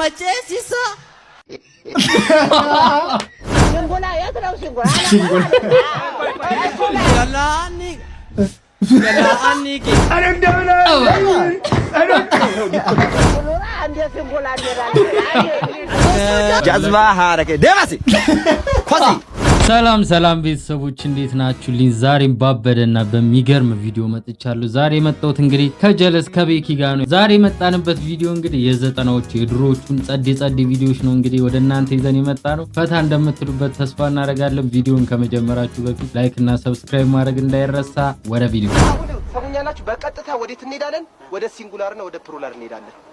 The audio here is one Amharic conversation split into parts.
Machesisa. ጀዝባ ሀረከ ደባሲ ኳሲ ሰላም ሰላም ቤተሰቦች እንዴት ናችሁልኝ? ዛሬም ባበደና በሚገርም ቪዲዮ መጥቻለሁ። ዛሬ የመጣሁት እንግዲህ ከጀለስ ከቤኪ ጋር ነው። ዛሬ የመጣንበት ቪዲዮ እንግዲህ የዘጠናዎቹ የድሮዎቹን ጸዴ ጸዴ ቪዲዮዎች ነው እንግዲህ ወደ እናንተ ይዘን የመጣ ነው። ፈታ እንደምትሉበት ተስፋ እናደርጋለን። ቪዲዮን ከመጀመራችሁ በፊት ላይክ እና ሰብስክራይብ ማድረግ እንዳይረሳ። ወደ ቪዲዮ ሰሙኛላችሁ። በቀጥታ ወዴት እንሄዳለን? ወደ ሲንጉላርና ወደ ፕሮላር እንሄዳለን።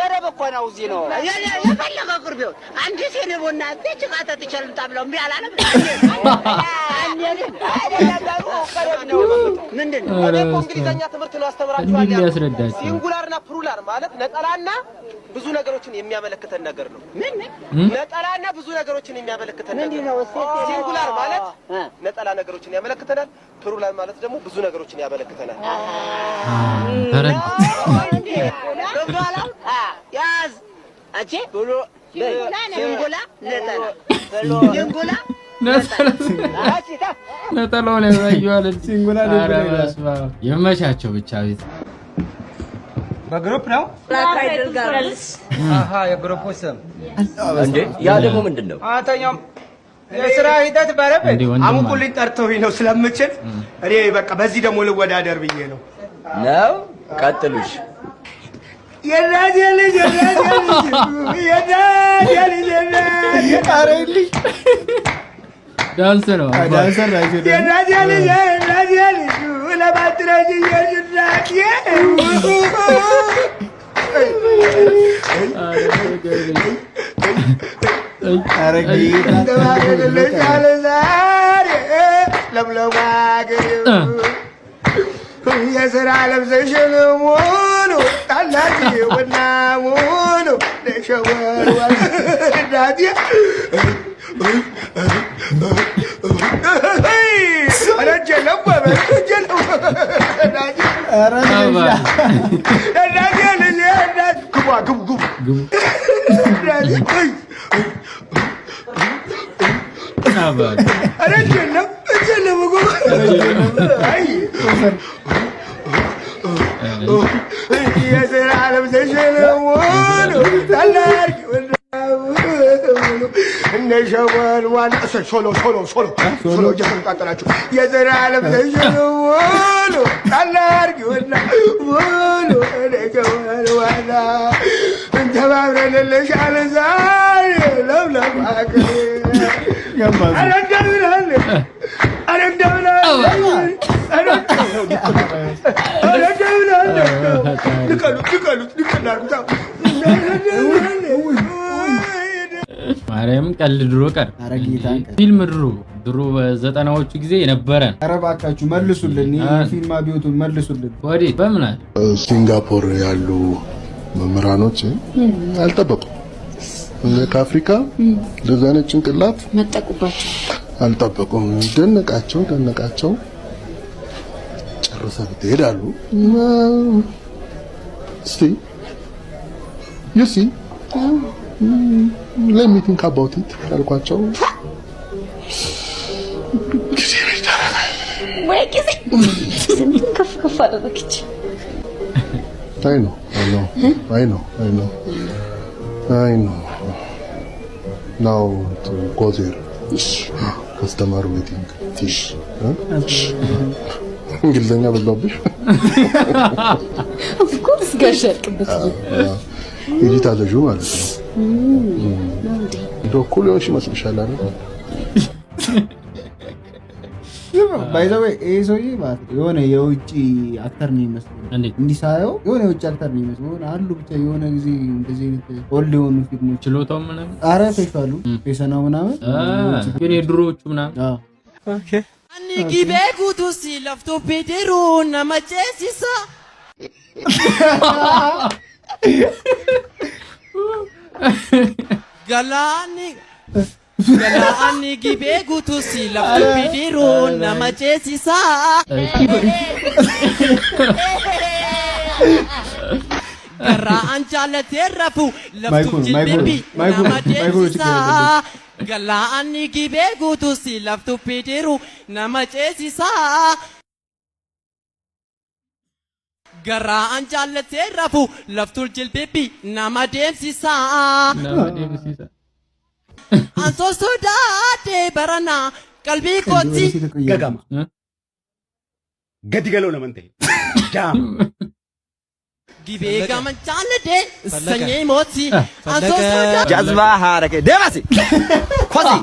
ቅርብ እኮ ነው። እዚህ ነው የፈለገ ቅርብ ይሁን። አንድ ሴኔቦና ጭቃ ተትቸልም ጣብለው እምቢ አላለም። ምንድን ነው እንግሊዝኛ ትምህርት ነው ያስተምራችኋል። ሲንጉላ ሴኩላር ማለት ነጠላና ብዙ ነገሮችን የሚያመለክተን ነገር ነው። ነጠላና ብዙ ነገሮችን የሚያመለክተን ነገር ነው። ሲንጉላር ማለት ነጠላ ነገሮችን ያመለክተናል። ፕሉራል ማለት ደግሞ ብዙ ነገሮችን ያመለክተናል። ያዝ አቼ ብሎ ነጠላ ነጠላው ላይ ባየዋለች። ይመቻቸው ብቻ ቤት በግሩፕ ነው የግሩፕ ስም እንዴ? ያ ደግሞ ምንድን ነው? አተኛም የስራ ሂደት በረብ አሙቁልኝ ሊጠርተው ነው ስለምችል እኔ በቃ በዚህ ደግሞ ልወዳደር ብዬ ነው ነው ቀጥሉሽ የናት ልጅ ዳንስ ነው የስራ ለብሰሽን ሙሉ ጣላት ወና ሙሉ ደሸወ ግቡ ዘነሸወልዋል ሾሎ ሾሎ ሾሎ ሾሎ እያንቃጠላችሁ የዘላለም ዘሸወሉ ጣላርጊውና ውሉ ነሸወልዋላ እንተባብረንልሻል ዛሬ ለምለማቅ አረ እንደምን አረ እንደምን አረ እንደምን አለ ልቀሉት ልቀሉት ማርያምን ቀል ድሮ ቀር ፊልም ድሮ ድሮ በዘጠናዎቹ ጊዜ የነበረ ነው። ኧረ እባካችሁ መልሱልን፣ ፊልም አብዮቱን መልሱልን። ወዴት በምናል ሲንጋፖር ያሉ መምህራኖች አልጠበቁም። ከአፍሪካ ለዛኔ ጭንቅላት መጠቁባቸው አልጠበቁም። ደነቃቸው ደነቃቸው ጨርሰን ትሄዳሉ እስቲ ዩሲ ለሚቲንግ አባውቲት ያልኳቸው ከፍ ከፍ አደረገች። አይ ነው አይ ነው አይ ነው ናው ቱ ጎ ዜር ከስተመር ሚቲንግ ቲሽ እንግሊዝኛ በዛብሽ። ኦፍ ኮርስ ጋሽ ያልቅበት ይጂ ታዘዡ ማለት ነው እንደው እኮ ሊሆንሽ ይመስልሻል አይደል? ባይዘዌ ይህ ሰውዬ የሆነ የውጭ አክተር ነው ይመስለው። እንዲህ ሳየው የሆነ የውጭ አክተር ነው ይመስለው። አሉ ብቻ የሆነ ጊዜ እንደዚህ አይነት ኦልድ የሆኑ ፊልሞች ችሎታው ምናምን አረ ተይቷሉ ፌሰናው ምናምን ግን የድሮዎቹ ምናምን ኒጊቤ ጉቱ ሲለፍቶ ፔዴሮ ነመቼ ሲሳ Galaanni. Galaanni gibee guutuusi lafti bidiruun nama ceesisaa. Garaan jaallatee rafu laftu jilbeebi nama ceesisaa. Galaanni gibee guutuusi laftu bidiru nama ceesisaa. Garaa anjaallatee rafu laftul jilbeebbi nama deemsisaa. Nama deemsisaa. Ansoo sodaatee baranaa qalbii kooti. Gagama. Gadi galoo naman ta'e. Jaama. Gibee gaman jaalladee sanyii mooti. Ansoo sodaatee. Jazbaa haara kee deemasi. Kosi.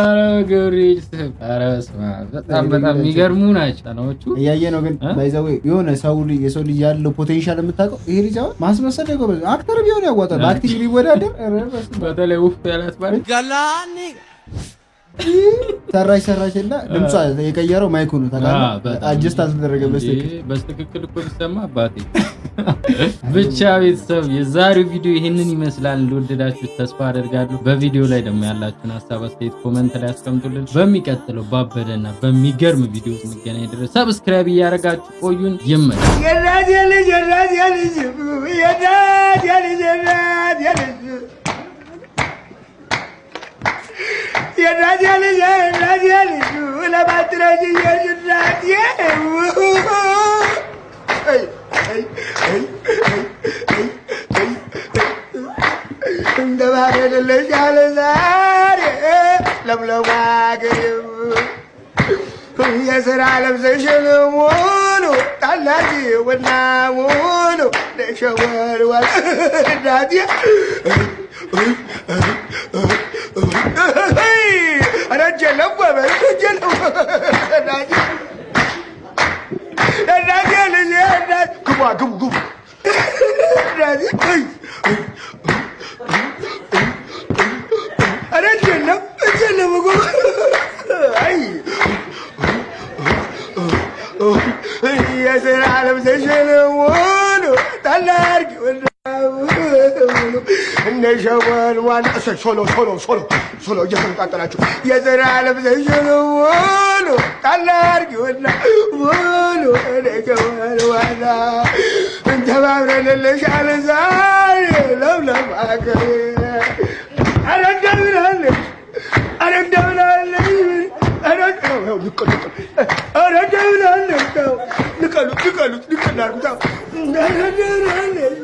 ኧረ ገብርኤል ስም ኧረ በስመ አብ በጣም በጣም የሚገርሙ ናቸው ጫናዎቹ። እያየ ነው ግን ባይዘዌ የሆነ ሰው የሰው ልጅ ያለው ፖቴንሻል የምታውቀው ይሄ ልጅ አሁን ማስመሰል ጎበዝ አክተር ቢሆን ያዋጣል። በአክቲንግ ቢወዳደር በተለይ ውፍ ያላት ባል ሰራሽ ሰራሽ እና ድምጿ የቀየረው ማይኩ ነው። አጀስት አልተደረገ በስትክክል እኮ ቢሰማ አባቴ። ብቻ ቤተሰብ የዛሬው ቪዲዮ ይህንን ይመስላል። እንደወደዳችሁት ተስፋ አደርጋለሁ። በቪዲዮ ላይ ደግሞ ያላችሁን ሀሳብ፣ አስተያየት ኮመንት ላይ አስቀምጡልን። በሚቀጥለው ባበደና በሚገርም ቪዲዮ እንገናኝ ድረስ ሰብስክራይብ እያደረጋችሁ ቆዩን። ይመ የስራ ለብሰሽን ሙሉ ጣላት ወና ሙሉ ደሸወር ዋል እናቴ انا اتجنب اتجنب اقول اي يا سيدي على مسجل تعال ارجع النجوان وانا سولو سولو سولو سولو يا سيدي تعال يا سيدي على مسجل تعال ارجع ولو النجوان وانا انت ما على زاري لو لو ما انا ادري اهلك انا ادري اهلك انا ادري انا ادري اهلك نقلوا نقلوا نقلوا انا ادري اهلك